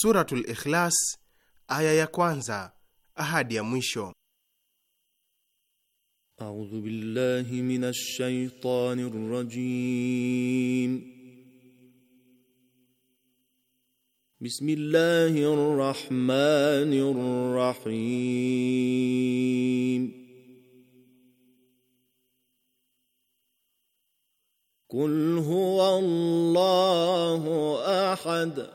Suratul Ikhlas aya ya kwanza ahadi ya mwisho. A'udhu billahi minash shaitanir rajim. Bismillahir rahmanir rahim. قل هو الله احد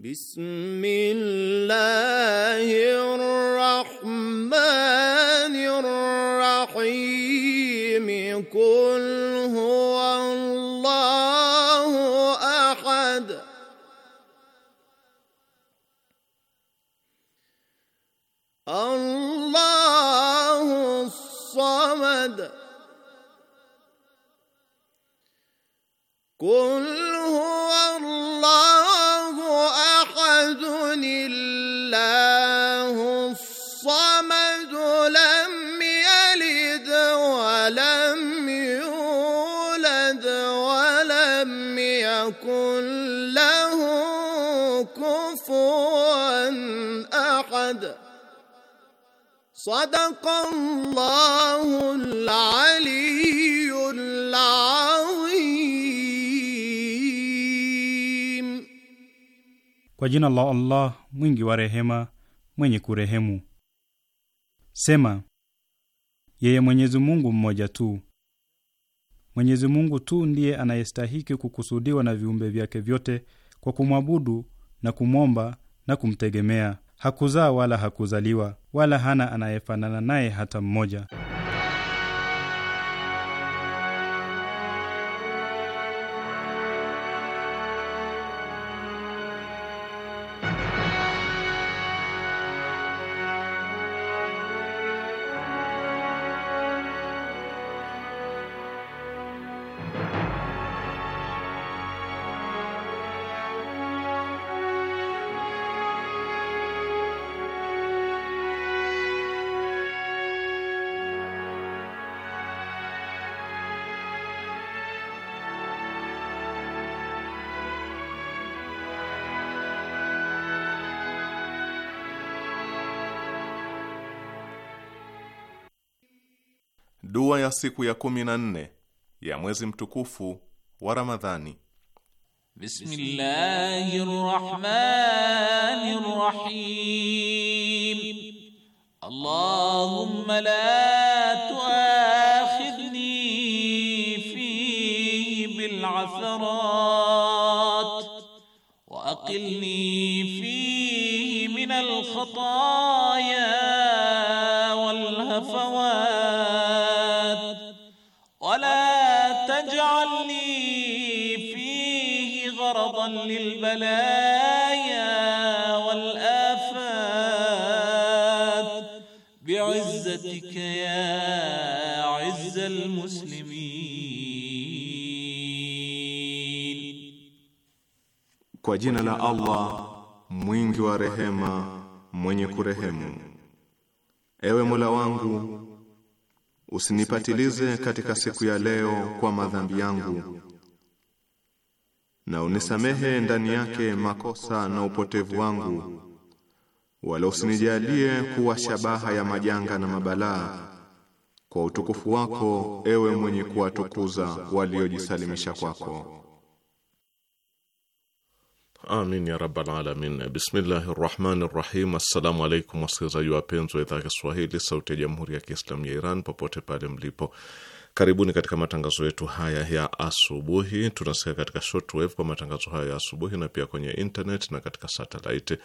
بسم الله الرحمن الرحيم قل هو الله احد الله الصمد قل Sadaqallahul aliyyul azim. Kwa jina la Allah mwingi wa rehema mwenye kurehemu. Sema, yeye Mwenyezi Mungu mmoja tu. Mwenyezi Mungu tu ndiye anayestahiki kukusudiwa na viumbe vyake vyote kwa kumwabudu na kumwomba na kumtegemea hakuzaa wala hakuzaliwa wala hana anayefanana naye hata mmoja. Dua ya siku ya kumi na nne ya mwezi mtukufu wa Ramadhani. Bismillahirrahmanirrahim. Allahumma la Kwa jina la Allah mwingi wa rehema, mwenye kurehemu. Ewe Mola wangu, usinipatilize katika siku ya leo kwa madhambi yangu, na unisamehe ndani yake makosa na upotevu wangu, wala usinijalie kuwa shabaha ya majanga na mabalaa, kwa utukufu wako, ewe mwenye kuwatukuza waliojisalimisha kwako. Amin ya rabbal alamin. Bismillahi rahmani rahim. Assalamu alaikum wasikilizaji wapenzi wa idhaa ya Kiswahili sauti ya jamhuri ya Kiislamu ya Iran popote pale mlipo, karibuni katika matangazo yetu haya ya asubuhi. Tunasikia katika shortwave kwa matangazo haya ya asubuhi na pia kwenye internet na katika satellite.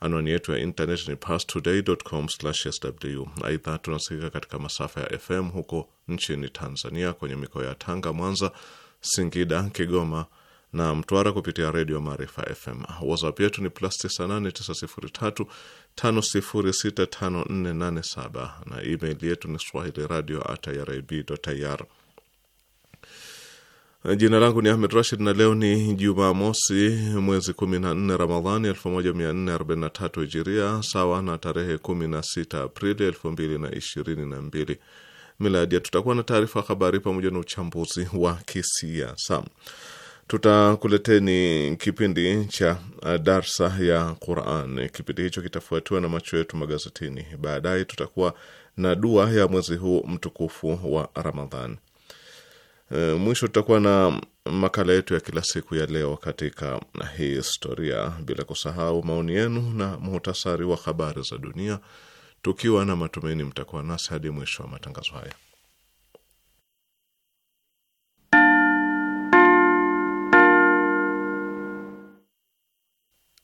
Anwani yetu ya internet ni pastoday.com/sw. Aidha, tunasikika katika masafa ya FM huko nchini Tanzania, kwenye mikoa ya Tanga, Mwanza, Singida, Kigoma na Mtwara kupitia redio Maarifa FM. WhatsApp yetu ni plus 989035065487 na email yetu ni swahili radio at irib.ir. Jina langu ni Ahmed Rashid na leo ni Jumamosi, mwezi 14 Ramadhani 1443 Hijiria, sawa na tarehe 16 Aprili 2022 Miladia. Tutakuwa na taarifa habari pamoja na uchambuzi wa kisiasa. Tutakuleteni kipindi cha uh, darsa ya Quran. Kipindi hicho kitafuatiwa na macho yetu magazetini. Baadaye tutakuwa na dua ya mwezi huu mtukufu wa Ramadhan. E, mwisho tutakuwa na makala yetu ya kila siku ya leo katika hii historia, bila kusahau maoni yenu na muhtasari wa habari za dunia, tukiwa na matumaini mtakuwa nasi hadi mwisho wa matangazo haya.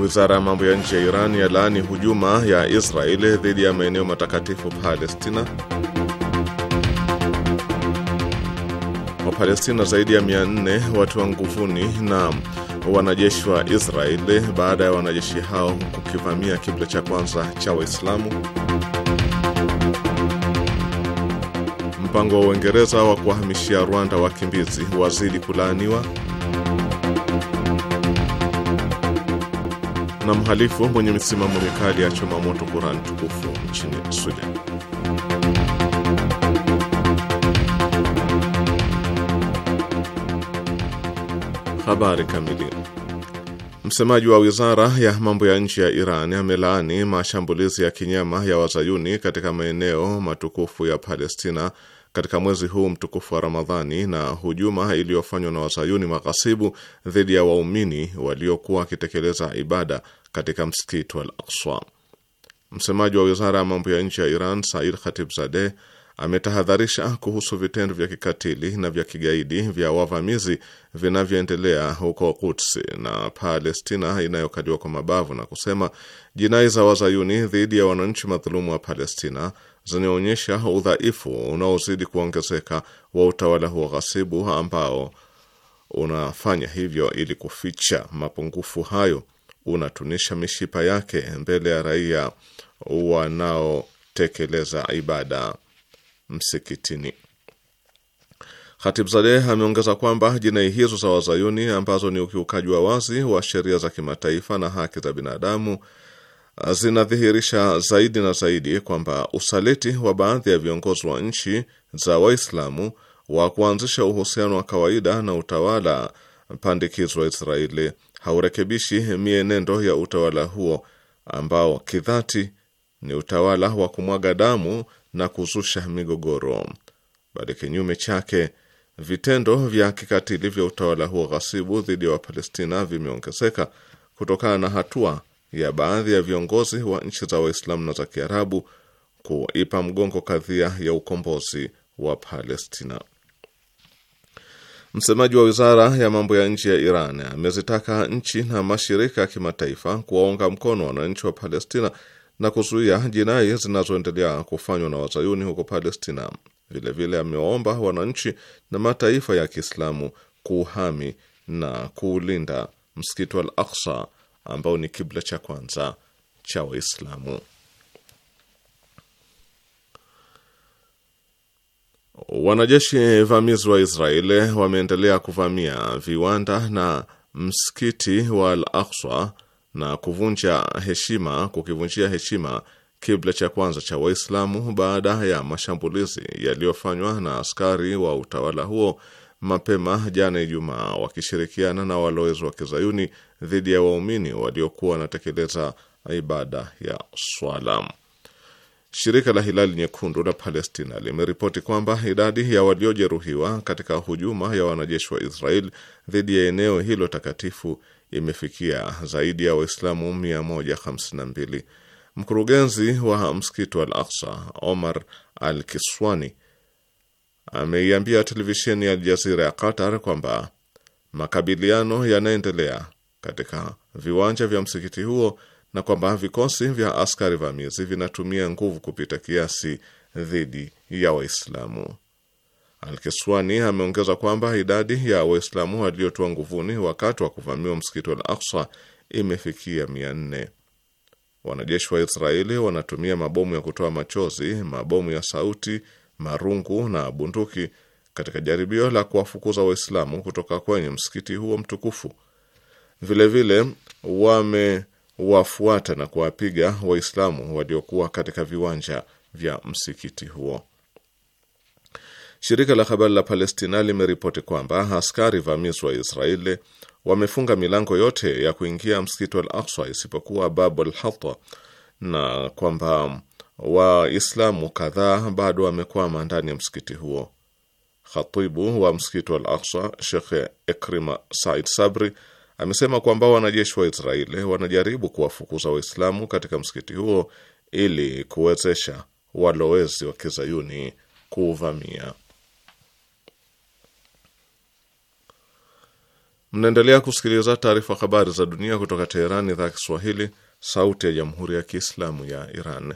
Wizara ya mambo ya nje ya Iran yalaani hujuma ya Israeli dhidi ya maeneo matakatifu Palestina. Wapalestina zaidi ya 400 watiwa nguvuni na wanajeshi wa Israeli baada ya wanajeshi hao kukivamia kibla cha kwanza cha Waislamu. Mpango wa Uingereza wa kuwahamishia Rwanda wakimbizi wazidi kulaaniwa. na mhalifu mwenye misimamo mikali ya choma moto kurani tukufu nchini Sudan. Habari kamili. Msemaji wa wizara ya mambo ya nje ya Iran amelaani mashambulizi ya kinyama ya wazayuni katika maeneo matukufu ya Palestina katika mwezi huu mtukufu wa Ramadhani na hujuma iliyofanywa na wazayuni maghasibu dhidi ya waumini waliokuwa wakitekeleza ibada katika msikiti wa Al-Aqsa. Msemaji wa wizara ya mambo ya nje ya Iran Said Khatibzadeh ametahadharisha kuhusu vitendo vya kikatili na vya kigaidi vya wavamizi vinavyoendelea huko Quds na Palestina inayokaliwa kwa mabavu na kusema jinai za wazayuni dhidi ya wananchi madhulumu wa Palestina zinaonyesha udhaifu unaozidi kuongezeka wa utawala huo ghasibu ambao unafanya hivyo ili kuficha mapungufu hayo, unatunisha mishipa yake mbele ya raia wanaotekeleza ibada msikitini. Khatibzadeh ameongeza kwamba jinai hizo za wazayuni ambazo ni ukiukaji wa wazi wa sheria za kimataifa na haki za binadamu zinadhihirisha zaidi na zaidi kwamba usaliti wa baadhi ya viongozi wa nchi za Waislamu wa kuanzisha uhusiano wa kawaida na utawala pandikizo wa Israeli haurekebishi mienendo ya utawala huo ambao kidhati ni utawala wa kumwaga damu na kuzusha migogoro, bali kinyume chake vitendo vya kikatili vya utawala huo ghasibu dhidi ya Wapalestina vimeongezeka kutokana na hatua ya baadhi ya viongozi wa nchi za Waislamu na za Kiarabu kuipa mgongo kadhia ya ukombozi wa Palestina. Msemaji wa wizara ya mambo ya nje ya Iran amezitaka nchi na mashirika ya kimataifa kuwaunga mkono wananchi wa Palestina na kuzuia jinai zinazoendelea kufanywa na wazayuni huko Palestina. Vilevile amewaomba wananchi na mataifa ya Kiislamu kuuhami na kuulinda msikiti Al Aksa ambao ni kibla cha kwanza cha Waislamu. Wanajeshi vamizi wa Israeli wameendelea kuvamia viwanda na msikiti wa Al akswa na kuvunja heshima, kukivunjia heshima kibla cha kwanza cha Waislamu baada ya mashambulizi yaliyofanywa na askari wa utawala huo mapema jana Ijumaa wakishirikiana na walowezi wa kizayuni dhidi ya waumini waliokuwa wanatekeleza ibada ya swala. Shirika la Hilali Nyekundu la Palestina limeripoti kwamba idadi ya waliojeruhiwa katika hujuma ya wanajeshi wa Israel dhidi ya eneo hilo takatifu imefikia zaidi ya Waislamu 152. Mkurugenzi wa msikiti wa Al Aksa, Omar Al Kiswani, ameiambia televisheni ya Aljazira ya Qatar kwamba makabiliano yanaendelea katika viwanja vya msikiti huo na kwamba vikosi vya askari vamizi vinatumia nguvu kupita kiasi dhidi ya Waislamu. Alkiswani ameongeza kwamba idadi ya Waislamu waliotoa nguvuni wakati wa kuvamiwa msikiti wa Al-Aqsa imefikia mia nne. Wanajeshi wa Israeli wanatumia mabomu ya kutoa machozi, mabomu ya sauti marungu na bunduki katika jaribio la kuwafukuza Waislamu kutoka kwenye msikiti huo mtukufu. Vilevile wamewafuata na kuwapiga Waislamu waliokuwa katika viwanja vya msikiti huo. Shirika la habari la Palestina limeripoti kwamba askari vamizi wa Israeli wamefunga milango yote ya kuingia msikiti wa Al Aksa isipokuwa Babu Al na kwamba Waislamu kadhaa bado wamekwama ndani ya msikiti huo. Khatibu wa msikiti wa Al Aksa, Shekhe Ekrima Said Sabri, amesema kwamba wanajeshi wa Israeli wanajaribu kuwafukuza Waislamu katika msikiti huo ili kuwezesha walowezi wa kizayuni kuuvamia. Mnaendelea kusikiliza taarifa habari za dunia kutoka Teherani, idhaa ya Kiswahili, sauti ya jamhuri ya kiislamu ya Iran.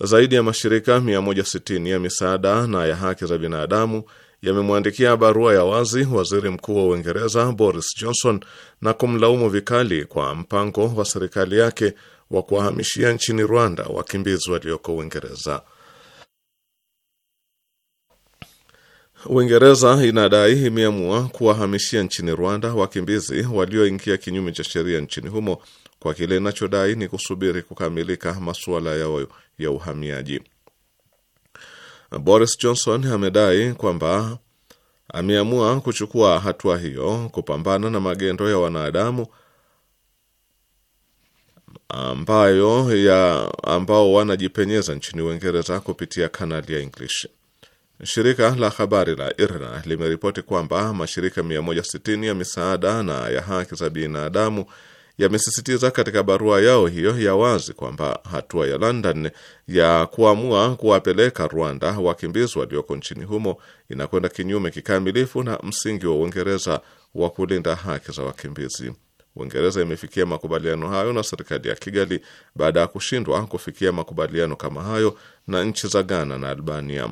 Zaidi ya mashirika 160 ya misaada na ya haki za binadamu yamemwandikia barua ya wazi waziri mkuu wa Uingereza Boris Johnson na kumlaumu vikali kwa mpango wa serikali yake wa kuwahamishia nchini Rwanda wakimbizi walioko Uingereza. Uingereza inadai imeamua kuwahamishia nchini Rwanda wakimbizi walioingia kinyume cha sheria nchini humo kwa kile inachodai ni kusubiri kukamilika masuala yao ya uhamiaji. Boris Johnson amedai kwamba ameamua kuchukua hatua hiyo kupambana na magendo ya wanadamu ambayo ya ambao wanajipenyeza nchini Uingereza kupitia kanali ya English. Shirika la habari la IRNA limeripoti kwamba mashirika 160 ya misaada na ya haki za binadamu yamesisitiza katika barua yao hiyo ya wazi kwamba hatua ya London ya kuamua kuwapeleka Rwanda wakimbizi walioko nchini humo inakwenda kinyume kikamilifu na msingi wa Uingereza wa kulinda haki za wakimbizi. Uingereza imefikia makubaliano hayo na serikali ya Kigali baada ya kushindwa kufikia makubaliano kama hayo na nchi za Ghana na Albania.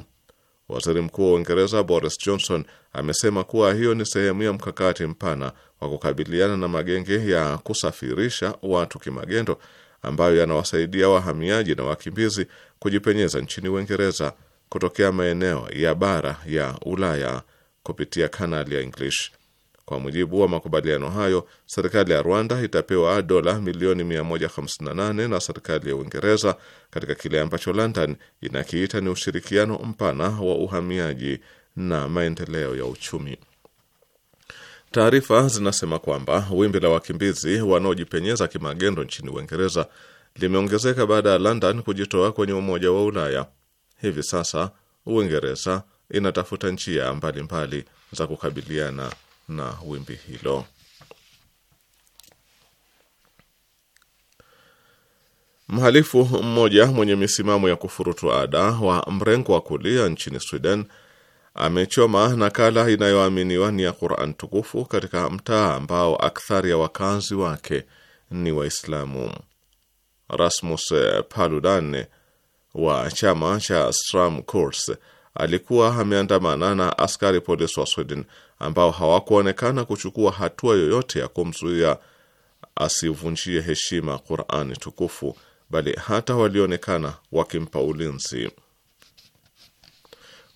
Waziri Mkuu wa Uingereza Boris Johnson amesema kuwa hiyo ni sehemu ya mkakati mpana wa kukabiliana na magenge ya kusafirisha watu kimagendo ambayo yanawasaidia wahamiaji na wakimbizi kujipenyeza nchini Uingereza kutokea maeneo ya bara ya Ulaya kupitia kanali ya English. Kwa mujibu wa makubaliano hayo, serikali ya Rwanda itapewa dola milioni 158 na serikali ya Uingereza katika kile ambacho London inakiita ni ushirikiano mpana wa uhamiaji na maendeleo ya uchumi. Taarifa zinasema kwamba wimbi la wakimbizi wanaojipenyeza kimagendo nchini Uingereza limeongezeka baada ya London kujitoa kwenye Umoja wa Ulaya. Hivi sasa Uingereza inatafuta njia mbalimbali za kukabiliana na wimbi hilo. Mhalifu mmoja mwenye misimamo ya kufurutu ada wa mrengo wa kulia nchini Sweden amechoma nakala inayoaminiwa ni ya Quran tukufu katika mtaa ambao akthari ya wakazi wake ni Waislamu. Rasmus Paludan wa chama cha Stram Kurs alikuwa ameandamana na askari polisi wa Sweden ambao hawakuonekana kuchukua hatua yoyote ya kumzuia asivunjie heshima Qurani tukufu, bali hata walionekana wakimpa ulinzi.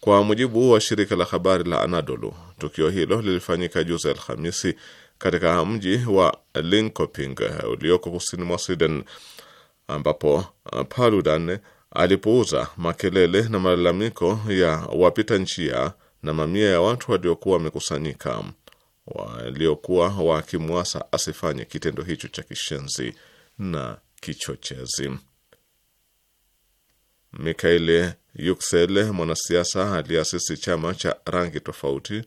Kwa mujibu wa shirika la habari la Anadolu, tukio hilo lilifanyika juzi Alhamisi katika mji wa Linkoping ulioko kusini mwa Sweden, ambapo uh, Paludan alipuuza makelele na malalamiko ya wapita njia na mamia ya watu waliokuwa wamekusanyika waliokuwa wakimwasa asifanye kitendo hicho cha kishenzi na kichochezi. Mikaeli Yuksele, mwanasiasa aliyeasisi chama cha rangi tofauti,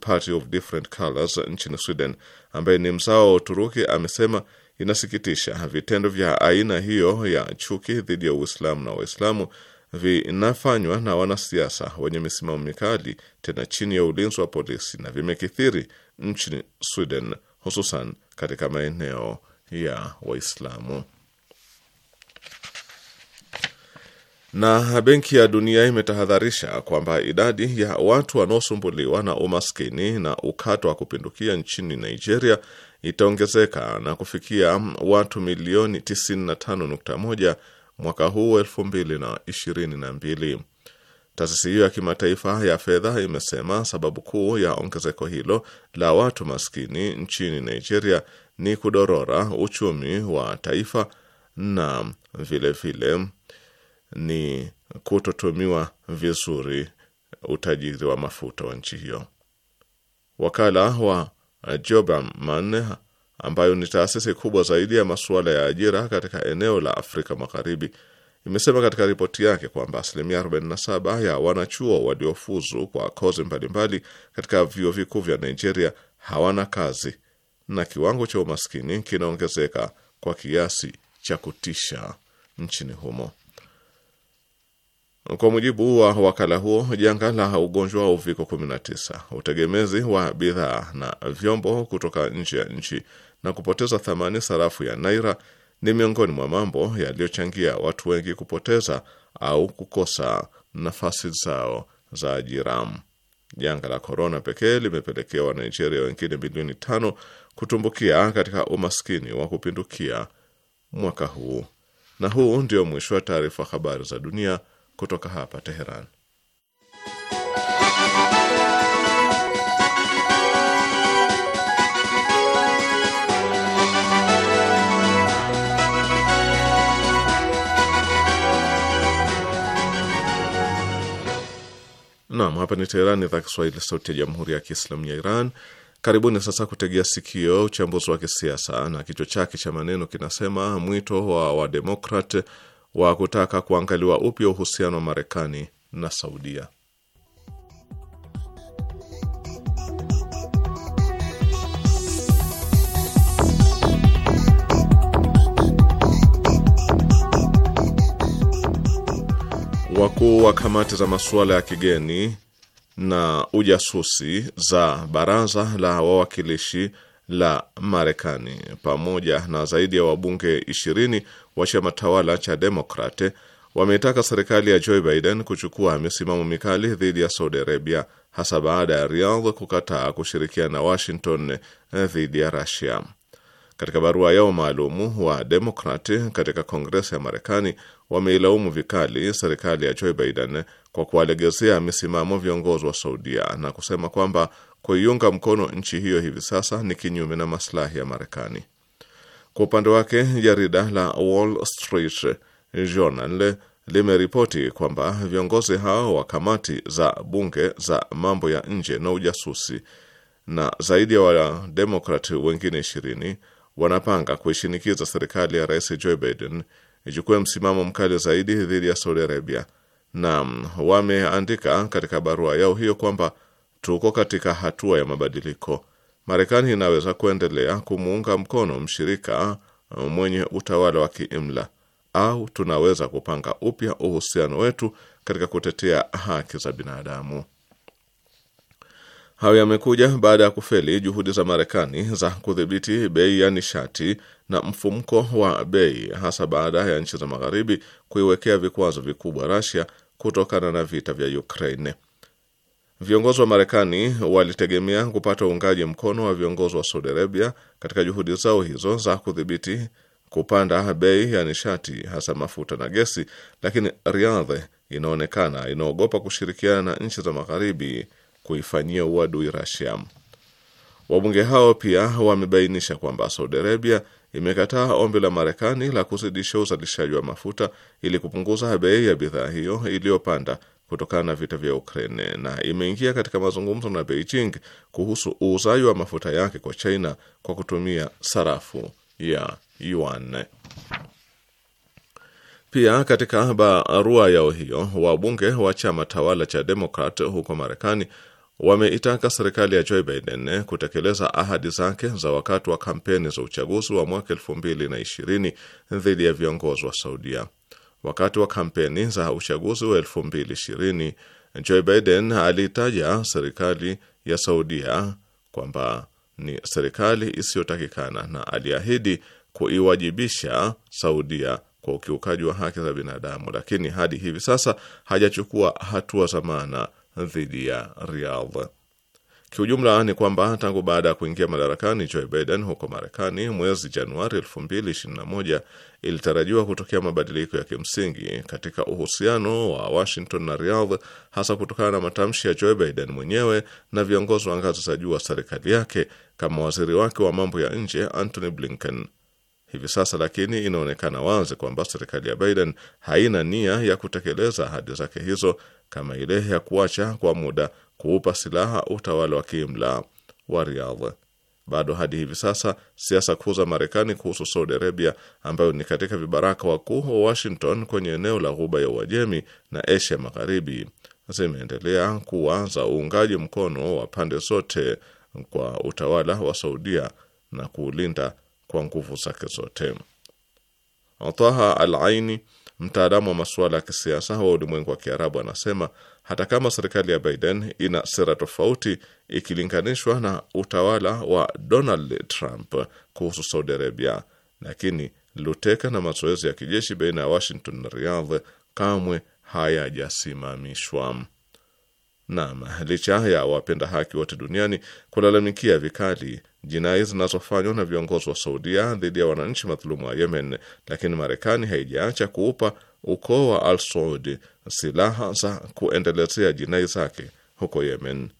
Party of Different Colors, nchini Sweden, ambaye ni mzao wa Uturuki, amesema inasikitisha vitendo vya aina hiyo ya chuki dhidi ya Uislamu na Waislamu vinafanywa na wanasiasa wenye misimamo mikali, tena chini ya ulinzi wa polisi, na vimekithiri nchini Sweden, hususan katika maeneo ya Waislamu. Na Benki ya Dunia imetahadharisha kwamba idadi ya watu wanaosumbuliwa na umaskini na ukato wa kupindukia nchini Nigeria itaongezeka na kufikia watu milioni 95.1 mwaka huu 2022. Taasisi hiyo ya kimataifa ya fedha imesema sababu kuu ya ongezeko hilo la watu maskini nchini Nigeria ni kudorora uchumi wa taifa na vilevile vile ni kutotumiwa vizuri utajiri wa mafuta wa nchi hiyo. Wakala wa Jobaman ambayo ni taasisi kubwa zaidi ya masuala ya ajira katika eneo la Afrika Magharibi imesema katika ripoti yake kwamba asilimia 47 ya wanachuo waliofuzu kwa kozi mbalimbali katika vyuo vikuu vya Nigeria hawana kazi na kiwango cha umaskini kinaongezeka kwa kiasi cha kutisha nchini humo. Kwa mujibu wa wakala huo, janga la ugonjwa wa uviko 19, utegemezi wa bidhaa na vyombo kutoka nje ya nchi na kupoteza thamani sarafu ya naira ni miongoni mwa mambo yaliyochangia watu wengi kupoteza au kukosa nafasi zao za ajira. Janga la korona pekee limepelekea Wanigeria wengine milioni tano kutumbukia katika umaskini wa kupindukia mwaka huu. Na huu ndio mwisho wa taarifa habari za dunia kutoka hapa Teheran. Nam, hapa ni Teheran, idhaa Kiswahili, sauti ya jamhuri ya kiislamu ya Iran. Karibuni sasa kutegea sikio uchambuzi wa kisiasa na kichwa chake cha maneno kinasema mwito wa wademokrat wa kutaka kuangaliwa upya uhusiano wa Marekani na Saudia. Wakuu wa kamati za masuala ya kigeni na ujasusi za Baraza la Wawakilishi la Marekani pamoja na zaidi ya wabunge 20 wa chama tawala cha Demokrat wameitaka serikali ya Joe Biden kuchukua misimamo mikali dhidi ya Saudi Arabia, hasa baada ya Riyadh kukataa kushirikiana na Washington eh, dhidi ya Russia. Katika barua yao maalumu wa Demokrat katika Kongresi ya Marekani wameilaumu vikali serikali ya Joe Biden kwa kuwalegezea misimamo viongozi wa Saudia na kusema kwamba kuiunga mkono nchi hiyo hivi sasa ni kinyume na maslahi ya Marekani. Kwa upande wake, jarida la Wall Street Journal limeripoti kwamba viongozi hao wa kamati za bunge za mambo ya nje na ujasusi na zaidi ya wademokrati wengine ishirini wanapanga kuishinikiza serikali ya Rais Joe Biden ichukue msimamo mkali zaidi dhidi ya Saudi Arabia, na wameandika katika barua yao hiyo kwamba tuko katika hatua ya mabadiliko. Marekani inaweza kuendelea kumuunga mkono mshirika uh, mwenye utawala wa kiimla au tunaweza kupanga upya uhusiano wetu katika kutetea haki za binadamu. Hayo yamekuja baada ya kufeli juhudi za Marekani za kudhibiti bei ya nishati na mfumko wa bei, hasa baada ya nchi za Magharibi kuiwekea vikwazo vikubwa Russia kutokana na vita vya Ukraine. Viongozi wa Marekani walitegemea kupata uungaji mkono wa viongozi wa Saudi Arabia katika juhudi zao hizo za kudhibiti kupanda bei ya nishati hasa mafuta na gesi, lakini Riyadh inaonekana inaogopa kushirikiana na nchi za magharibi kuifanyia uadui Russia. Wabunge hao pia wamebainisha kwamba Saudi Arabia imekataa ombi la Marekani la kuzidisha uzalishaji wa mafuta ili kupunguza bei ya bidhaa hiyo iliyopanda kutokana na vita vya Ukraine na imeingia katika mazungumzo na Beijing kuhusu uuzaji wa mafuta yake kwa China kwa kutumia sarafu ya yuan. Pia katika barua yao hiyo, wabunge wa chama tawala cha Demokrat huko Marekani wameitaka serikali ya Joe Biden kutekeleza ahadi zake za wakati wa kampeni za uchaguzi wa mwaka elfu mbili na ishirini dhidi ya viongozi wa Saudia. Wakati wa kampeni za uchaguzi wa 2020 Joe Biden aliitaja serikali ya Saudia kwamba ni serikali isiyotakikana na aliahidi kuiwajibisha Saudia kwa ukiukaji wa haki za binadamu, lakini hadi hivi sasa hajachukua hatua za maana dhidi ya Riyadh. Kiujumla ni kwamba tangu baada ya kuingia madarakani Joe Biden huko Marekani mwezi Januari 2021 ilitarajiwa kutokea mabadiliko ya kimsingi katika uhusiano wa Washington na Riyadh, hasa kutokana na matamshi ya Joe Biden mwenyewe na viongozi wa ngazi za juu wa serikali yake kama waziri wake wa mambo ya nje Antony Blinken hivi sasa, lakini inaonekana wazi kwamba serikali ya Biden haina nia ya kutekeleza ahadi zake hizo, kama ile ya kuacha kwa muda kuupa silaha utawala wa kiimla wa Riyadh. Bado hadi hivi sasa siasa kuu za Marekani kuhusu Saudi Arabia, ambayo ni katika vibaraka wakuu wa Washington kwenye eneo la Ghuba ya Uajemi na Asia Magharibi, zimeendelea kuwa za uungaji mkono wa pande zote kwa utawala wa Saudia na kuulinda kwa nguvu zake zote. Taha Al-Aini, mtaalamu wa masuala ya kisiasa wa ulimwengu wa Kiarabu, anasema hata kama serikali ya Biden ina sera tofauti ikilinganishwa na utawala wa Donald Trump kuhusu Saudi Arabia, lakini luteka na mazoezi ya kijeshi baina ya Washington na Riyadh kamwe hayajasimamishwa. Naam, licha ya wapenda haki wote duniani kulalamikia vikali jinai zinazofanywa na viongozi wa Saudia dhidi ya wananchi madhulumu wa Yemen, lakini Marekani haijaacha kuupa ukoo wa Al Saud silaha za kuendelezea jinai zake huko Yemen.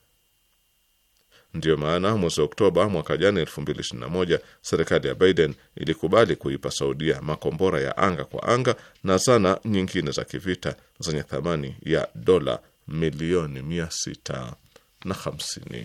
Ndiyo maana mwezi Oktoba mwaka jana 2021 serikali ya Biden ilikubali kuipa Saudia makombora ya anga kwa anga na zana nyingine za kivita zenye thamani ya dola milioni 650.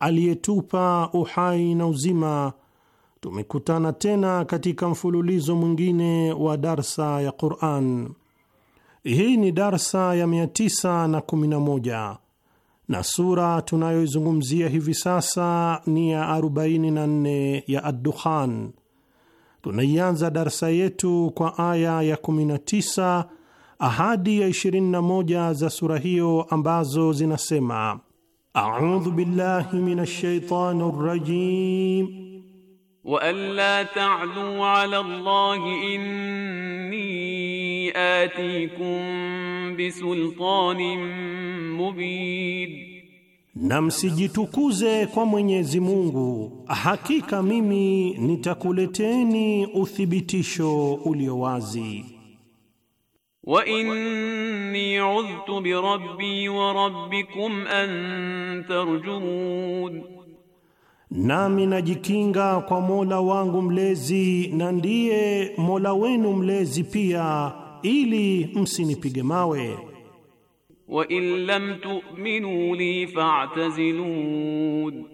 aliyetupa uhai na uzima, tumekutana tena katika mfululizo mwingine wa darsa ya Quran. Hii ni darsa ya 911 na sura tunayoizungumzia hivi sasa ni ya 44 ya Addukhan. Tunaianza darsa yetu kwa aya ya 19 ahadi ya 21 za sura hiyo ambazo zinasema أعوذ بالله من الشيطان الرجيم وألا تعلوا على الله إني آتيكم بسلطان مبين na msijitukuze kwa Mwenyezi Mungu, hakika mimi nitakuleteni uthibitisho ulio wazi wa inni udhtu bi rabbi wa rabbikum an tarjumun, nami najikinga kwa Mola wangu mlezi na ndiye Mola wenu mlezi pia, ili msinipige mawe. wa in lam tu'minu li fa'tazilun,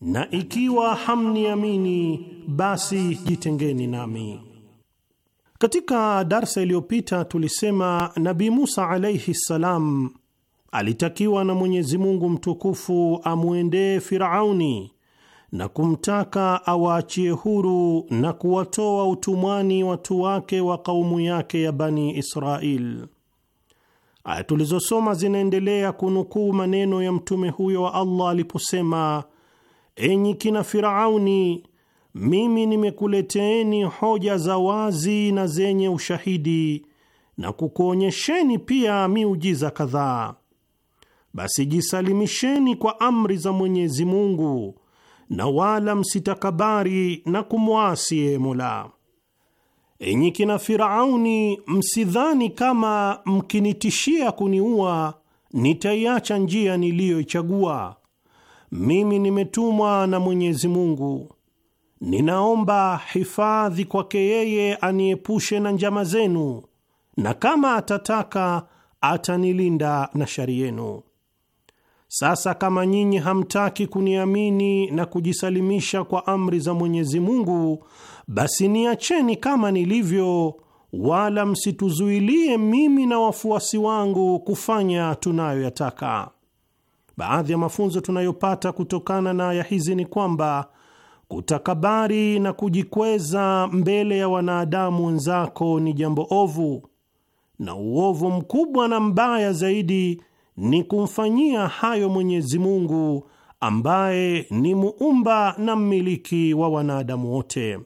na ikiwa hamniamini basi jitengeni nami. Katika darsa iliyopita tulisema nabi Musa alaihi ssalam alitakiwa na Mwenyezi Mungu mtukufu amwendee Firauni na kumtaka awaachie huru na kuwatoa utumwani watu wake wa kaumu yake ya Bani Israil. Aya tulizosoma zinaendelea kunukuu maneno ya mtume huyo wa Allah aliposema, enyi kina Firauni, mimi nimekuleteeni hoja za wazi na zenye ushahidi na kukuonyesheni pia miujiza kadhaa. Basi jisalimisheni kwa amri za Mwenyezi Mungu na wala msitakabari na kumwasi e Mola. Enyi kina Firauni, msidhani kama mkinitishia kuniua nitaiacha njia niliyoichagua. Mimi nimetumwa na Mwenyezi Mungu Ninaomba hifadhi kwake yeye aniepushe na njama zenu, na kama atataka atanilinda na shari yenu. Sasa kama nyinyi hamtaki kuniamini na kujisalimisha kwa amri za Mwenyezi Mungu, basi niacheni kama nilivyo, wala msituzuilie mimi na wafuasi wangu kufanya tunayoyataka. Baadhi ya mafunzo tunayopata kutokana na aya hizi ni kwamba Kutakabari na kujikweza mbele ya wanadamu wenzako ni jambo ovu, na uovu mkubwa na mbaya zaidi ni kumfanyia hayo Mwenyezi Mungu ambaye ni muumba na mmiliki wa wanadamu wote.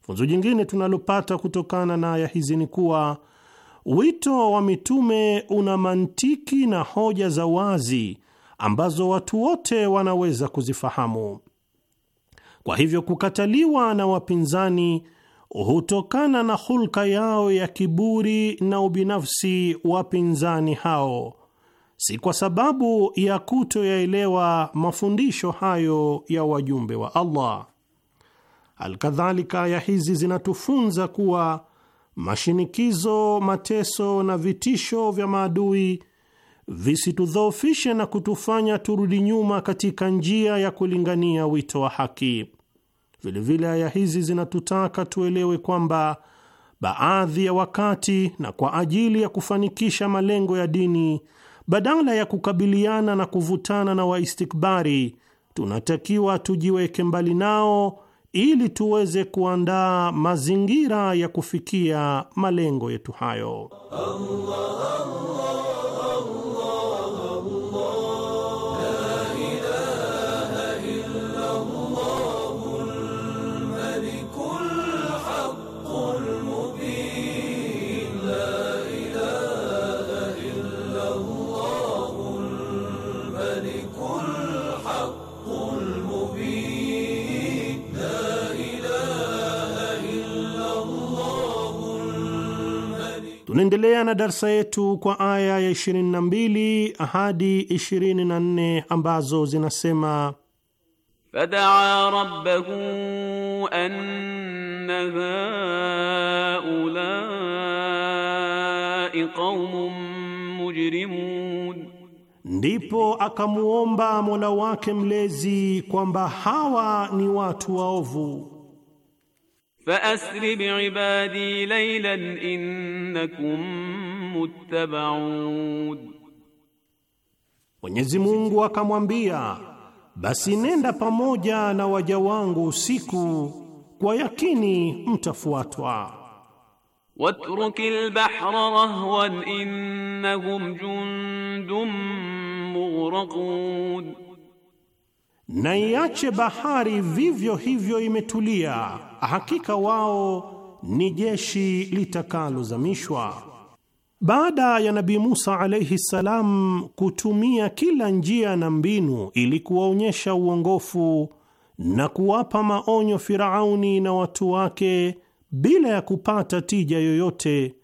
Funzo jingine tunalopata kutokana na aya hizi ni kuwa wito wa mitume una mantiki na hoja za wazi ambazo watu wote wanaweza kuzifahamu. Kwa hivyo kukataliwa na wapinzani hutokana na hulka yao ya kiburi na ubinafsi wapinzani hao, si kwa sababu ya kutoyaelewa mafundisho hayo ya wajumbe wa Allah. Alkadhalika, aya hizi zinatufunza kuwa mashinikizo, mateso na vitisho vya maadui visitudhoofishe na kutufanya turudi nyuma katika njia ya kulingania wito wa haki. Vilevile aya hizi zinatutaka tuelewe kwamba baadhi ya wakati na kwa ajili ya kufanikisha malengo ya dini, badala ya kukabiliana na kuvutana na waistikbari, tunatakiwa tujiweke mbali nao ili tuweze kuandaa mazingira ya kufikia malengo yetu hayo. Allah, Allah. Tunaendelea na darsa yetu kwa aya ya 22 hadi 24 ambazo zinasema: fadaa rabbahu anna haulai qaumun mujrimun, ndipo akamuomba Mola wake mlezi kwamba hawa ni watu waovu faasri biibadi laylan innakum muttabaun, Mwenyezi Mungu akamwambia, basi nenda pamoja na waja wangu usiku, kwa yakini mtafuatwa. Watrukil bahra rahwan innahum jundum mughraqun na iache bahari vivyo hivyo imetulia, hakika wao ni jeshi litakalozamishwa. Baada ya Nabii Musa alaihi salam kutumia kila njia na mbinu ili kuwaonyesha uongofu na kuwapa maonyo Firauni na watu wake bila ya kupata tija yoyote,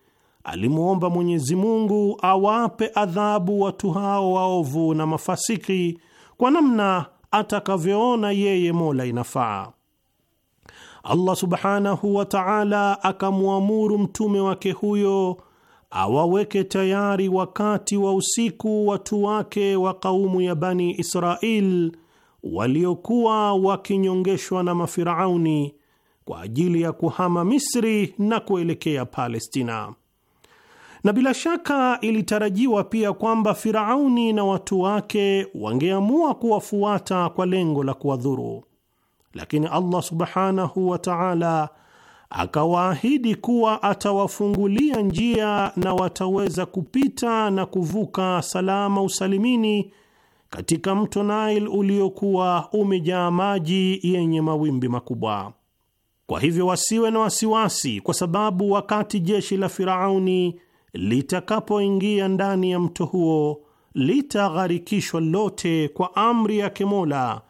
alimwomba Mwenyezi Mungu awape adhabu watu hao waovu na mafasiki kwa namna atakavyoona yeye Mola inafaa. Allah subhanahu wa ta'ala akamwamuru mtume wake huyo awaweke tayari wakati wa usiku watu wake wa kaumu ya Bani Israil waliokuwa wakinyongeshwa na mafirauni kwa ajili ya kuhama Misri na kuelekea Palestina na bila shaka ilitarajiwa pia kwamba Firauni na watu wake wangeamua kuwafuata kwa lengo la kuwadhuru, lakini Allah subhanahu wa ta'ala akawaahidi kuwa atawafungulia njia na wataweza kupita na kuvuka salama usalimini katika mto Nile uliokuwa umejaa maji yenye mawimbi makubwa. Kwa hivyo wasiwe na wasiwasi, kwa sababu wakati jeshi la Firauni litakapoingia ndani ya mto huo litagharikishwa lote kwa amri yake Mola,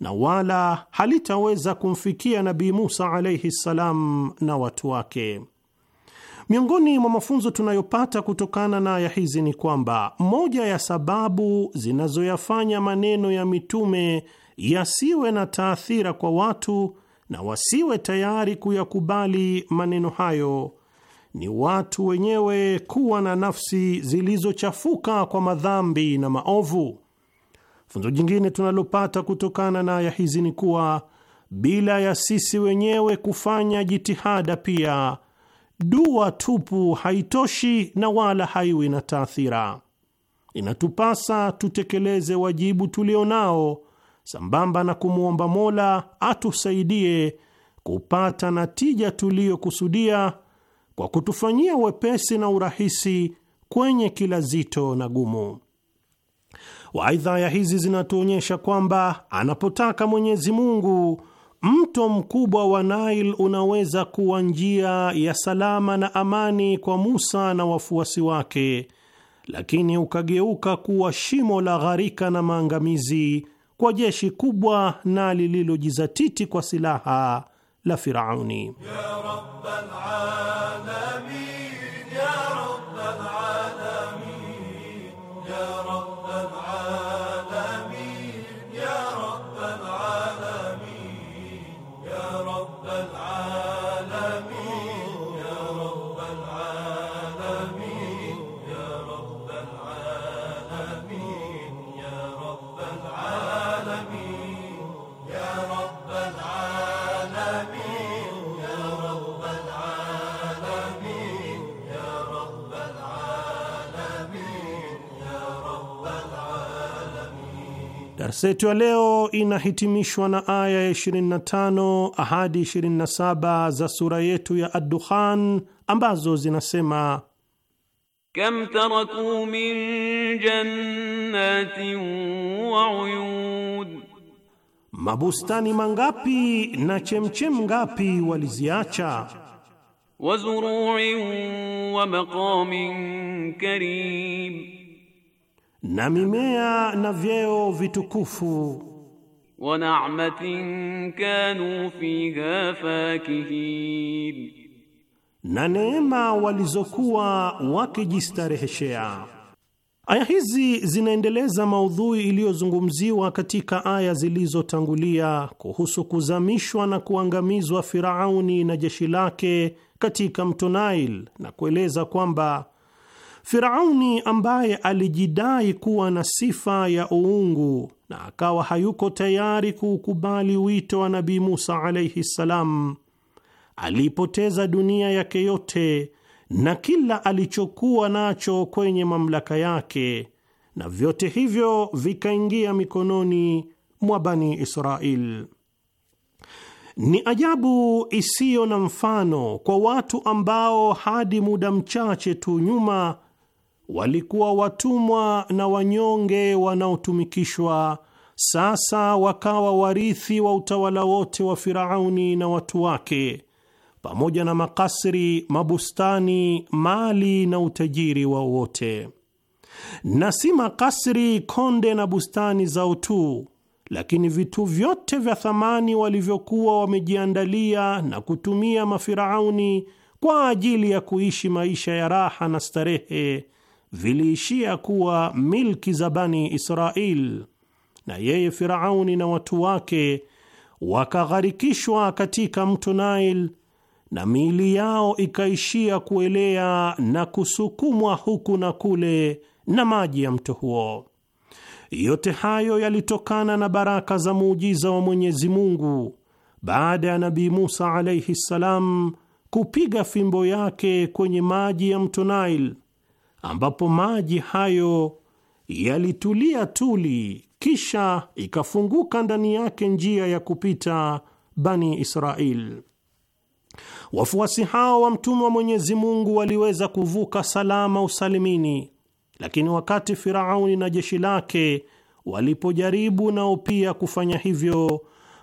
na wala halitaweza kumfikia Nabii Musa alaihi ssalam na watu wake. Miongoni mwa mafunzo tunayopata kutokana na aya hizi ni kwamba moja ya sababu zinazoyafanya maneno ya mitume yasiwe na taathira kwa watu na wasiwe tayari kuyakubali maneno hayo ni watu wenyewe kuwa na nafsi zilizochafuka kwa madhambi na maovu. Funzo jingine tunalopata kutokana na aya hizi ni kuwa bila ya sisi wenyewe kufanya jitihada, pia dua tupu haitoshi na wala haiwi na taathira. Inatupasa tutekeleze wajibu tulio nao sambamba na kumwomba Mola atusaidie kupata natija tuliyokusudia kwa kutufanyia wepesi na urahisi kwenye kila zito na gumu. Waidha, hizi zinatuonyesha kwamba anapotaka Mwenyezi Mungu, mto mkubwa wa Nile unaweza kuwa njia ya salama na amani kwa Musa na wafuasi wake, lakini ukageuka kuwa shimo la gharika na maangamizi kwa jeshi kubwa na lililojizatiti kwa silaha لفرعون يا رب العالمين يا رب العالمين يا رب العالمين يا رب العالمين يا رب العالمين Darsa yetu ya leo inahitimishwa na aya ya 25 hadi 27 za sura yetu ya Ad-Dukhan ambazo zinasema: kam taraku min jannatin wa uyun, mabustani mangapi na chemchem ngapi waliziacha. Wa zuru'in wa maqamin karim na mimea na vyeo vitukufu. wa na'matin kanu fiha fakihin, na neema walizokuwa wakijistareheshea. Aya hizi zinaendeleza maudhui iliyozungumziwa katika aya zilizotangulia kuhusu kuzamishwa na kuangamizwa Firauni na jeshi lake katika mto Nile na kueleza kwamba Firauni ambaye alijidai kuwa na sifa ya uungu na akawa hayuko tayari kuukubali wito wa Nabii Musa alaihi ssalam, alipoteza dunia yake yote na kila alichokuwa nacho kwenye mamlaka yake, na vyote hivyo vikaingia mikononi mwa Bani Israil. Ni ajabu isiyo na mfano kwa watu ambao hadi muda mchache tu nyuma walikuwa watumwa na wanyonge wanaotumikishwa, sasa wakawa warithi wa utawala wote wa Firauni na watu wake, pamoja na makasri, mabustani, mali na utajiri wao wote, na si makasri, konde na bustani zao tu lakini vitu vyote vya thamani walivyokuwa wamejiandalia na kutumia mafirauni kwa ajili ya kuishi maisha ya raha na starehe viliishia kuwa milki za Bani Israil, na yeye Firauni na watu wake wakagharikishwa katika mto Nile na miili yao ikaishia kuelea na kusukumwa huku na kule na maji ya mto huo. Yote hayo yalitokana na baraka za muujiza wa Mwenyezi Mungu baada ya Nabii Musa alaihi ssalam kupiga fimbo yake kwenye maji ya mto Nile ambapo maji hayo yalitulia tuli, kisha ikafunguka ndani yake njia ya kupita Bani israel Wafuasi hao wa mtume wa Mwenyezi Mungu waliweza kuvuka salama usalimini, lakini wakati Firauni na jeshi lake walipojaribu nao pia kufanya hivyo,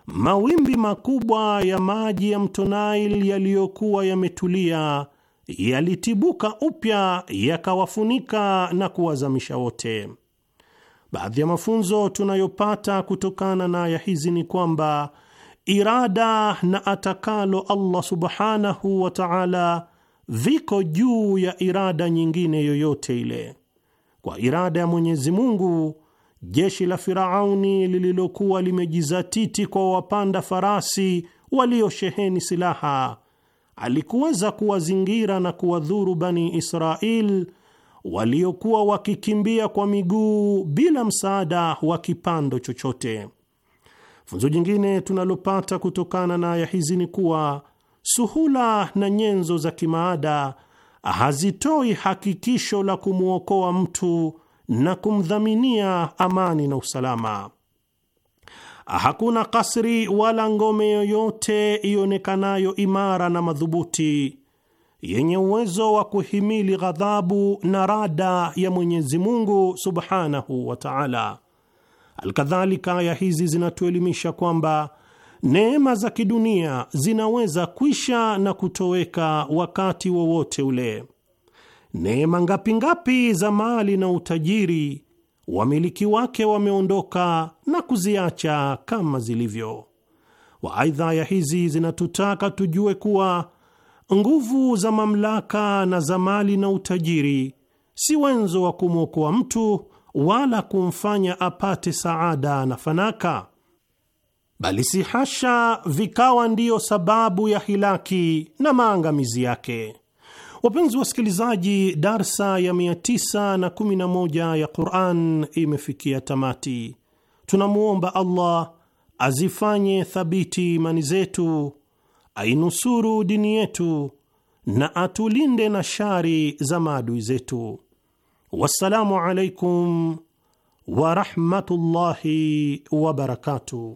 mawimbi makubwa ya maji ya mto Nile yaliyokuwa yametulia yalitibuka upya yakawafunika na kuwazamisha wote. Baadhi ya mafunzo tunayopata kutokana na aya hizi ni kwamba irada na atakalo Allah subhanahu wa ta'ala viko juu ya irada nyingine yoyote ile. Kwa irada ya Mwenyezi Mungu, jeshi la Firauni lililokuwa limejizatiti kwa wapanda farasi waliosheheni silaha alikuweza kuwazingira na kuwadhuru Bani israel waliokuwa wakikimbia kwa miguu bila msaada wa kipando chochote. Funzo jingine tunalopata kutokana na aya hizi ni kuwa suhula na nyenzo za kimaada hazitoi hakikisho la kumwokoa mtu na kumdhaminia amani na usalama. Hakuna kasri wala ngome yoyote ionekanayo imara na madhubuti yenye uwezo wa kuhimili ghadhabu na rada ya Mwenyezi Mungu Subhanahu wa Ta'ala. Alkadhalika, aya hizi zinatuelimisha kwamba neema za kidunia zinaweza kwisha na kutoweka wakati wowote ule. Neema ngapi ngapi za mali na utajiri wamiliki wake wameondoka na kuziacha kama zilivyo. Waaidha, ya hizi zinatutaka tujue kuwa nguvu za mamlaka na za mali na utajiri si wenzo wa kumwokoa mtu wala kumfanya apate saada na fanaka, bali si hasha, vikawa ndiyo sababu ya hilaki na maangamizi yake. Wapenzi wasikilizaji, darsa ya 911 ya Quran imefikia tamati. Tunamwomba Allah azifanye thabiti imani zetu, ainusuru dini yetu na atulinde na shari za maadui zetu. Wassalamu alaikum warahmatullahi wabarakatuh.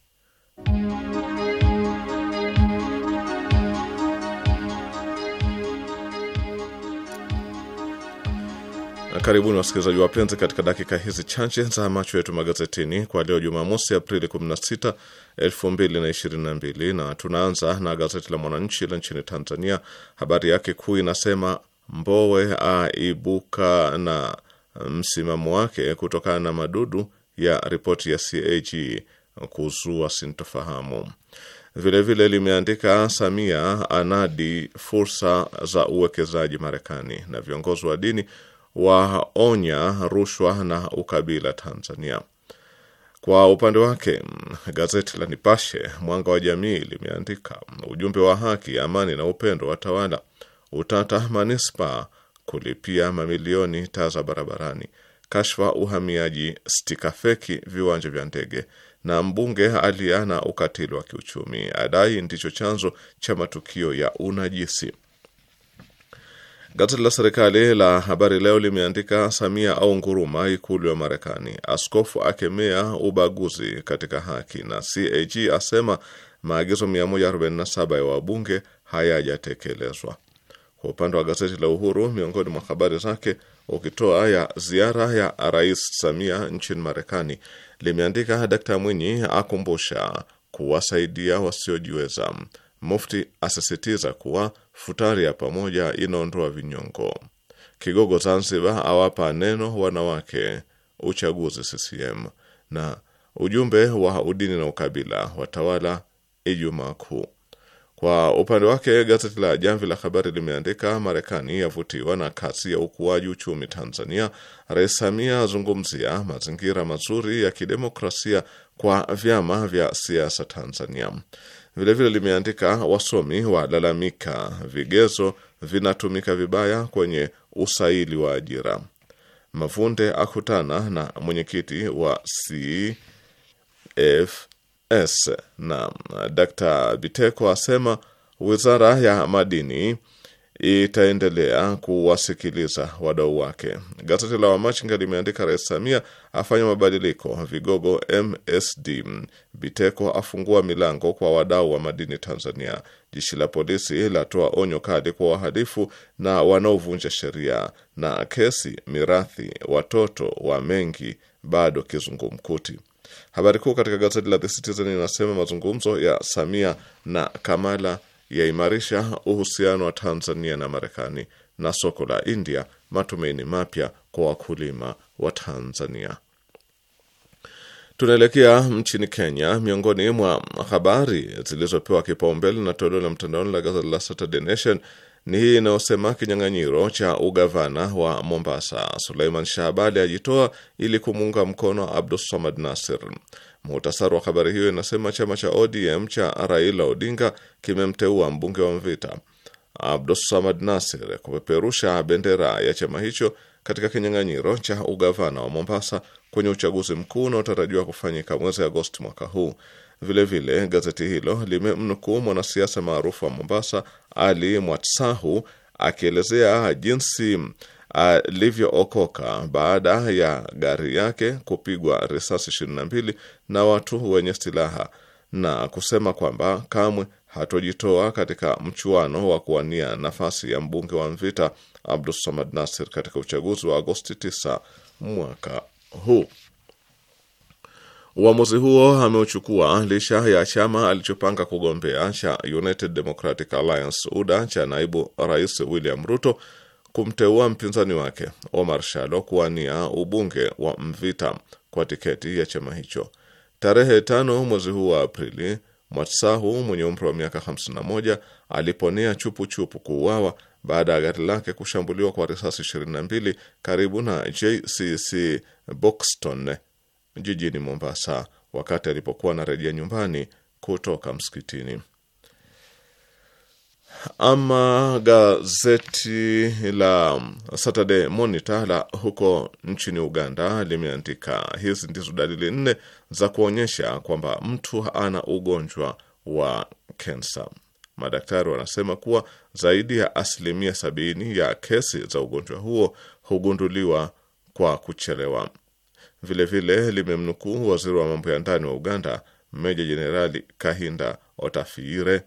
Karibuni wasikilizaji wapenzi, katika dakika hizi chache za macho yetu magazetini kwa leo Jumamosi, Aprili 16, 2022 na tunaanza na gazeti la Mwananchi la nchini Tanzania. Habari yake kuu inasema Mbowe aibuka na msimamo wake kutokana na madudu ya ripoti ya CAG kuzua sintofahamu. Vilevile limeandika Samia anadi fursa za uwekezaji Marekani, na viongozi wa dini waonya rushwa na ukabila Tanzania. Kwa upande wake gazeti la Nipashe Mwanga wa Jamii limeandika ujumbe wa haki, amani na upendo wa tawala Utata manispa kulipia mamilioni taa za barabarani, kashfa uhamiaji, stika feki viwanja vya ndege, na mbunge aliana ukatili wa kiuchumi, adai ndicho chanzo cha matukio ya unajisi. Gazeti la serikali la Habari Leo limeandika Samia au nguruma ikulu ya Marekani, askofu akemea ubaguzi katika haki, na CAG asema maagizo 147 ya wabunge hayajatekelezwa. Kwa upande wa gazeti la Uhuru, miongoni mwa habari zake ukitoa ya ziara ya Rais Samia nchini Marekani, limeandika Dkt Mwinyi akumbusha kuwasaidia wasiojiweza Mufti asisitiza kuwa futari ya pamoja inaondoa vinyongo. Kigogo Zanzibar awapa neno wanawake uchaguzi CCM na ujumbe wa udini na ukabila watawala Ijumaa Kuu. Kwa upande wake gazeti la Jamvi la Habari limeandika Marekani yavutiwa na kasi ya ukuaji uchumi Tanzania. Rais Samia azungumzia mazingira mazuri ya kidemokrasia kwa vyama vya siasa Tanzania. Vilevile limeandika wasomi walalamika, vigezo vinatumika vibaya kwenye usaili wa ajira. Mavunde akutana na mwenyekiti wa CFS na Dkt Biteko asema wizara ya madini itaendelea kuwasikiliza wadau wake. Gazeti la Wamachinga limeandika Rais Samia afanya mabadiliko, vigogo MSD, Biteko afungua milango kwa wadau wa madini Tanzania, jeshi la polisi latoa onyo kali kwa wahalifu na wanaovunja sheria, na kesi mirathi watoto wa mengi bado kizungumkuti. Habari kuu katika gazeti la The Citizen inasema mazungumzo ya Samia na Kamala yaimarisha uhusiano wa Tanzania na Marekani na soko la India, matumaini mapya kwa wakulima wa Tanzania. Tunaelekea nchini Kenya. Miongoni mwa habari zilizopewa kipaumbele na toleo la mtandaoni la gazeti la Saturday Nation ni hii inayosema kinyang'anyiro cha ugavana wa Mombasa, Suleiman shahabali ajitoa ili kumuunga mkono abdusamad Nasir. Muhtasari wa habari hiyo inasema chama cha ODM cha Raila Odinga kimemteua mbunge wa Mvita abdussamad Nasir kupeperusha bendera ya chama hicho katika kinyang'anyiro cha ugavana wa Mombasa kwenye uchaguzi mkuu unaotarajiwa kufanyika mwezi Agosti mwaka huu. Vilevile vile, gazeti hilo limemnukuu mwanasiasa maarufu wa Mombasa Ali Mwatsahu akielezea jinsi alivyookoka baada ya gari yake kupigwa risasi 22 na watu wenye silaha na kusema kwamba kamwe hatojitoa katika mchuano wa kuwania nafasi ya mbunge wa Mvita Abdussamad Nasir katika uchaguzi wa Agosti 9 mwaka huu. Uamuzi huo ameuchukua licha ya chama alichopanga kugombea cha United Democratic Alliance UDA cha naibu rais William Ruto kumteua mpinzani wake Omar Shalo kuwania ubunge wa Mvita kwa tiketi ya chama hicho. Tarehe tano mwezi huu wa Aprili, Mwatsahu mwenye umri wa miaka 51 aliponea chupuchupu kuuawa baada ya gari lake kushambuliwa kwa risasi 22 karibu na JCC Boxton jijini Mombasa wakati alipokuwa anarejea nyumbani kutoka msikitini. Ama gazeti la Saturday Monitor la huko nchini Uganda limeandika hizi ndizo dalili nne za kuonyesha kwamba mtu ana ugonjwa wa kensa. Madaktari wanasema kuwa zaidi ya asilimia sabini ya kesi za ugonjwa huo hugunduliwa kwa kuchelewa. Vilevile limemnukuu waziri wa mambo ya ndani wa Uganda, Meja Jenerali Kahinda Otafiire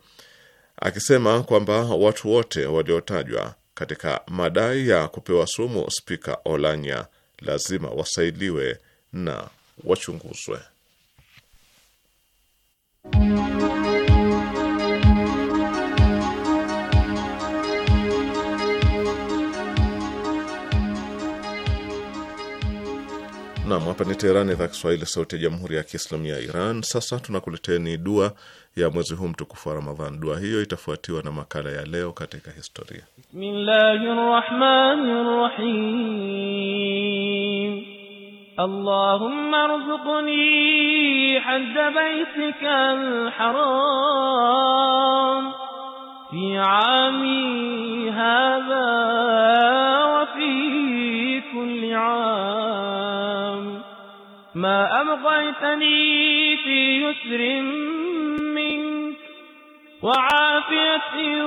akisema kwamba watu wote waliotajwa katika madai ya kupewa sumu Spika Olanya lazima wasailiwe na wachunguzwe. Nam, hapa ni Teherani, idhaa Kiswahili, sauti ya jamhuri ya kiislamu ya Iran. Sasa tunakuleteni dua ya mwezi huu mtukufu wa Ramadhan. Dua hiyo itafuatiwa na makala ya leo katika historia. rahim. Allahumma rzuqni fi ami hadha wa fi kulli am ما أبغيتني في يسر منك وعافية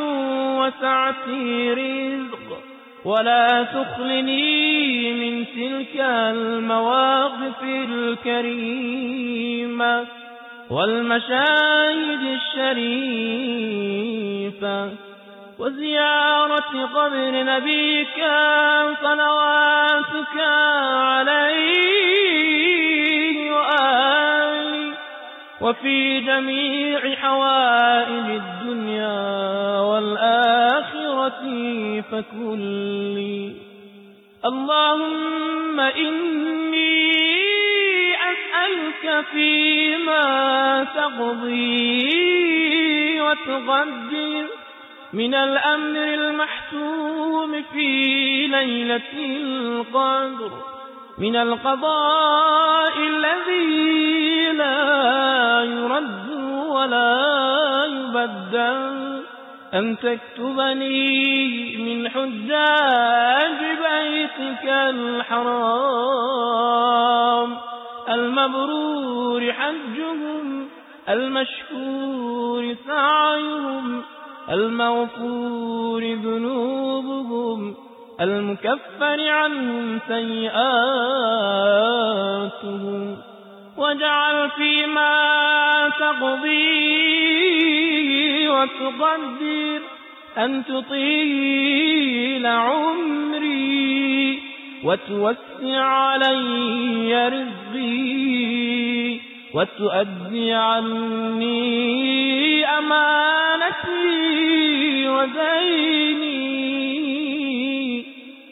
وسعة رزق ولا تخلني من تلك المواقف الكريمة والمشاهد الشريفة وزيارة قبر نبيك صلواتك عليه وفي جميع حوائج الدنيا والآخرة فكلي اللهم إني أسألك فيما تقضي وتغدر من الأمر المحتوم في ليلة القدر من القضاء الذي لا يرد ولا يبدل أن تكتبني من حجاج بيتك الحرام المبرور حجهم المشكور سعيهم المغفور ذنوبهم المكفر عن سيئاته واجعل فيما تقضي وتقدر أن تطيل عمري وتوسع علي رزقي وتؤدي عني أمانتي وديني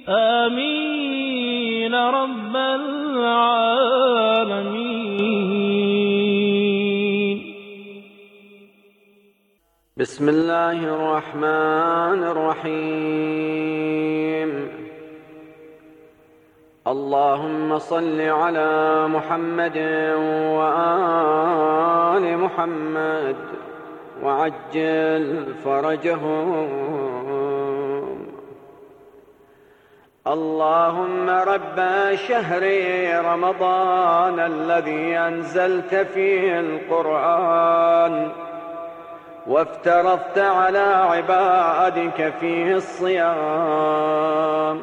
آمين رب العالمين بسم الله الرحمن الرحيم اللهم صل على محمد وآل محمد وعجل فرجهم اللهم رب شهر رمضان الذي أنزلت فيه القرآن وافترضت على عبادك فيه الصيام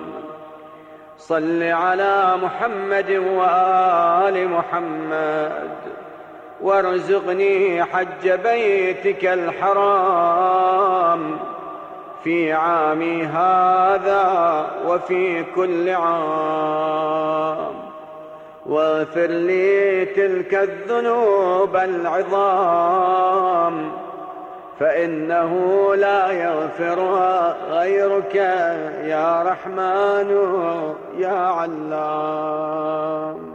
صل على محمد وآل محمد وارزقني حج بيتك الحرام في عامي هذا وفي كل عام واغفر لي تلك الذنوب العظام فإنه لا يغفرها غيرك يا رحمن يا علام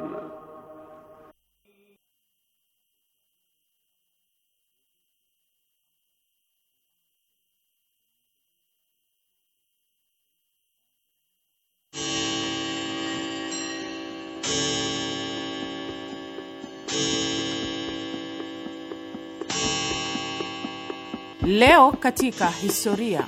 Leo katika historia.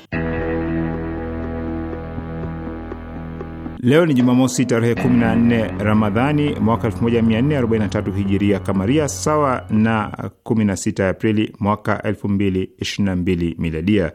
Leo ni Jumamosi tarehe 14 Ramadhani mwaka 1443 hijiria kamaria, sawa na 16 Aprili mwaka 2022 miladia.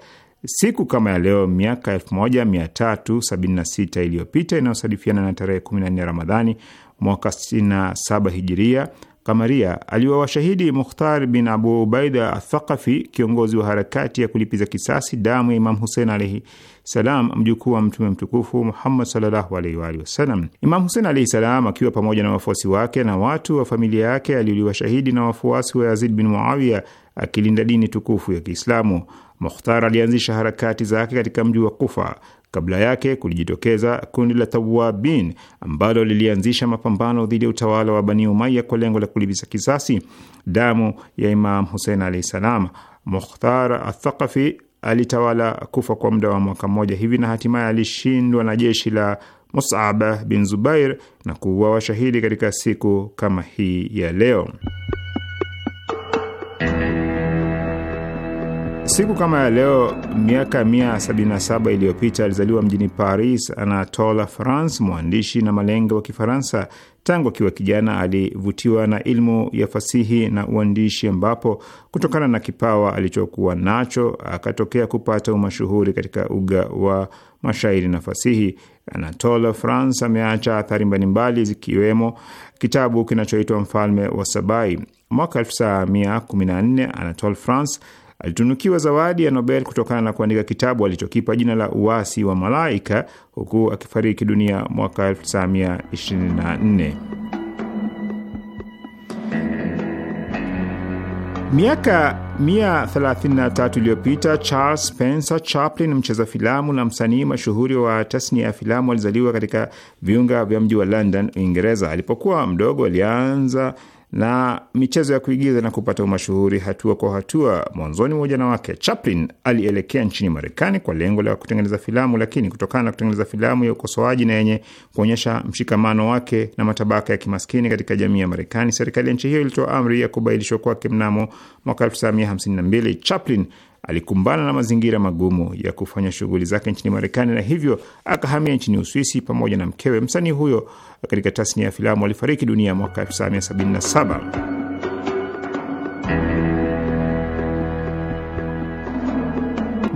Siku kama ya leo miaka 1376 iliyopita inayosadifiana na tarehe 14 Ramadhani mwaka 67 hijiria kamaria aliwawashahidi Mukhtar bin Abu Ubaida Athaqafi, kiongozi wa harakati ya kulipiza kisasi damu ya Imam Husein alaihi salam, mjukuu wa Mtume mtukufu Muhammad sallallahu alaihi wa alihi wasallam. Imam Husein alaihi salam akiwa pamoja na wafuasi wake na watu wa familia yake aliliwashahidi na wafuasi wa Yazid bin Muawiya akilinda dini tukufu ya Kiislamu. Mukhtar alianzisha harakati zake katika mji wa Kufa Kabla yake kulijitokeza kundi la Tawabin ambalo lilianzisha mapambano dhidi ya utawala wa Bani Umaya kwa lengo la kulipiza kisasi damu ya Imam Husein alahi salam. Mukhtar Athaqafi alitawala Kufa kwa muda wa mwaka mmoja hivi na hatimaye alishindwa na jeshi la Musab bin Zubair na kuuawa shahidi katika siku kama hii ya leo. Siku kama ya leo miaka 177 iliyopita alizaliwa mjini Paris Anatole France, mwandishi na malengo wa Kifaransa. Tangu akiwa kijana alivutiwa na ilmu ya fasihi na uandishi, ambapo kutokana na kipawa alichokuwa nacho akatokea kupata umashuhuri katika uga wa mashairi na fasihi. Anatole France ameacha athari mbalimbali zikiwemo kitabu kinachoitwa Mfalme wa Sabai. Mwaka 1914 Anatole France Alitunukiwa zawadi ya Nobel kutokana na kuandika kitabu alichokipa jina la Uasi wa Malaika, huku akifariki dunia mwaka 1924. Miaka 133 iliyopita Charles Spencer Chaplin, mcheza filamu na msanii mashuhuri wa tasnia ya filamu, alizaliwa katika viunga vya mji wa London, Uingereza. Alipokuwa mdogo, alianza na michezo ya kuigiza na kupata umashuhuri hatua kwa hatua. Mwanzoni mwa ujana wake, Chaplin alielekea nchini Marekani kwa lengo la kutengeneza filamu, lakini kutokana na kutengeneza filamu ya ukosoaji na yenye kuonyesha mshikamano wake na matabaka ya kimaskini katika jamii ya Marekani, serikali ya nchi hiyo ilitoa amri ya kubailishwa kwake mnamo mwaka 1952. Chaplin alikumbana na mazingira magumu ya kufanya shughuli zake nchini Marekani na hivyo akahamia nchini Uswisi pamoja na mkewe. Msanii huyo katika tasnia ya filamu alifariki dunia mwaka 1977.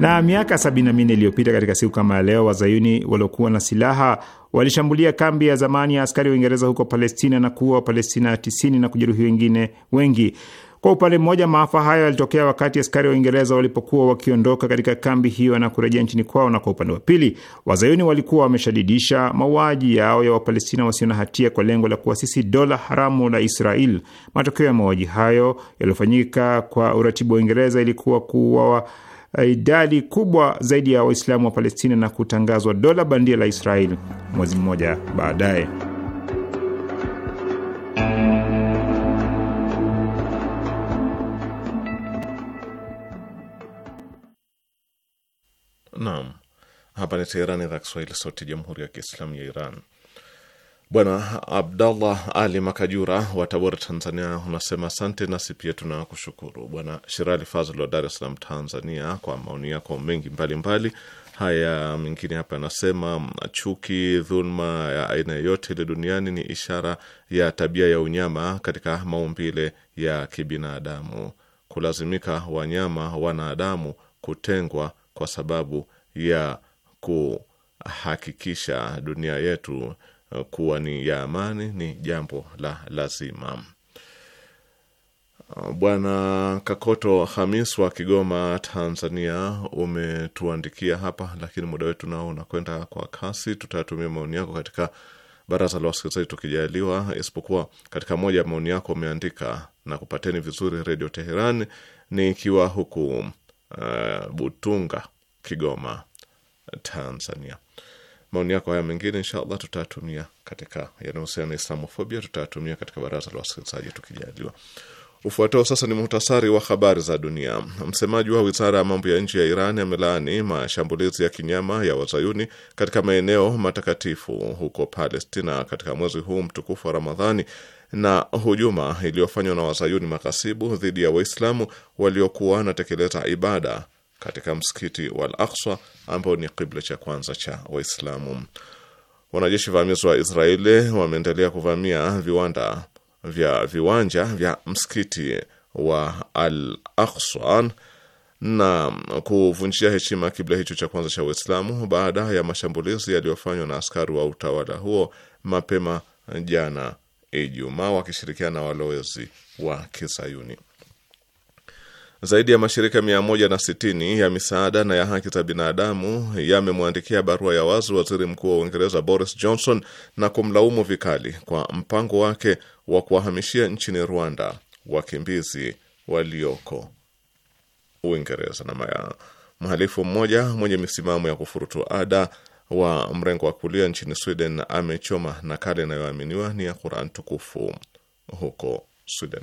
Na miaka sabini na minne iliyopita katika siku kama ya leo, wazayuni waliokuwa na silaha walishambulia kambi ya zamani ya askari wa Uingereza huko Palestina na kuua Wapalestina 9 na kujeruhi wengine wengi. Kwa upande mmoja, maafa hayo yalitokea wakati askari wa Uingereza walipokuwa wakiondoka katika kambi hiyo na kurejea nchini kwao, na kwa upande wa pili, wazayuni walikuwa wameshadidisha mauaji yao ya Wapalestina wasio na hatia kwa lengo la kuasisi dola haramu la Israel. Matokeo ya mauaji hayo yaliyofanyika kwa uratibu wa Uingereza ilikuwa kuuawa idadi kubwa zaidi ya Waislamu wa Palestina na kutangazwa dola bandia la Israel mwezi mmoja baadaye. Hapa ni Teherani, idhaa Kiswahili, sauti ya jamhuri ya kiislamu ya Iran. Bwana Abdallah Ali Makajura wa Tabora, Tanzania, unasema asante, nasi pia tunakushukuru. Bwana Shirali Fazl wa Dar es Salaam, Tanzania, kwa maoni yako mengi mbalimbali. Haya, mengine hapa anasema chuki, dhulma ya aina yeyote ile duniani ni ishara ya tabia ya unyama katika maumbile ya kibinadamu, kulazimika wanyama wanadamu kutengwa kwa sababu ya kuhakikisha dunia yetu uh, kuwa ni ya amani ni jambo la lazima. Uh, Bwana Kakoto Hamis wa Kigoma, Tanzania, umetuandikia hapa, lakini muda wetu nao unakwenda kwa kasi. Tutatumia maoni yako katika baraza la wasikilizaji tukijaliwa, isipokuwa katika moja ya maoni yako umeandika na kupateni vizuri Redio Teheran nikiwa huku uh, Butunga, Kigoma Tanzania. Maoni yako haya mengine insha allah tutayatumia katika yanayohusiana na Islamofobia, tutatumia katika baraza la wasikilizaji tukijaliwa. Ufuatao sasa ni muhtasari wa habari za dunia. Msemaji wa wizara ya mambo ya nje ya Iran amelaani mashambulizi ya kinyama ya wazayuni katika maeneo matakatifu huko Palestina katika mwezi huu mtukufu wa Ramadhani na hujuma iliyofanywa na wazayuni makasibu dhidi ya Waislamu waliokuwa wanatekeleza ibada katika msikiti wa Al Aqsa ambao ni kibla cha kwanza cha Waislamu. Wanajeshi vamizi wa Israeli wameendelea kuvamia viwanda vya viwanja vya msikiti wa Al Aqsa na kuvunjia heshima kibla hicho cha kwanza cha waislamu baada ya mashambulizi yaliyofanywa na askari wa utawala huo mapema jana Ijumaa wakishirikiana na walowezi wa Kisayuni. Zaidi ya mashirika 160 ya misaada na ya haki za binadamu yamemwandikia barua ya wazi waziri mkuu wa Uingereza Boris Johnson na kumlaumu vikali kwa mpango wake wa kuwahamishia nchini Rwanda wakimbizi walioko Uingereza. Na mhalifu mmoja mwenye misimamo ya kufurutu ada wa mrengo wa kulia nchini Sweden amechoma nakala inayoaminiwa ni ya Qur'an tukufu huko Sweden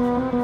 Thank you.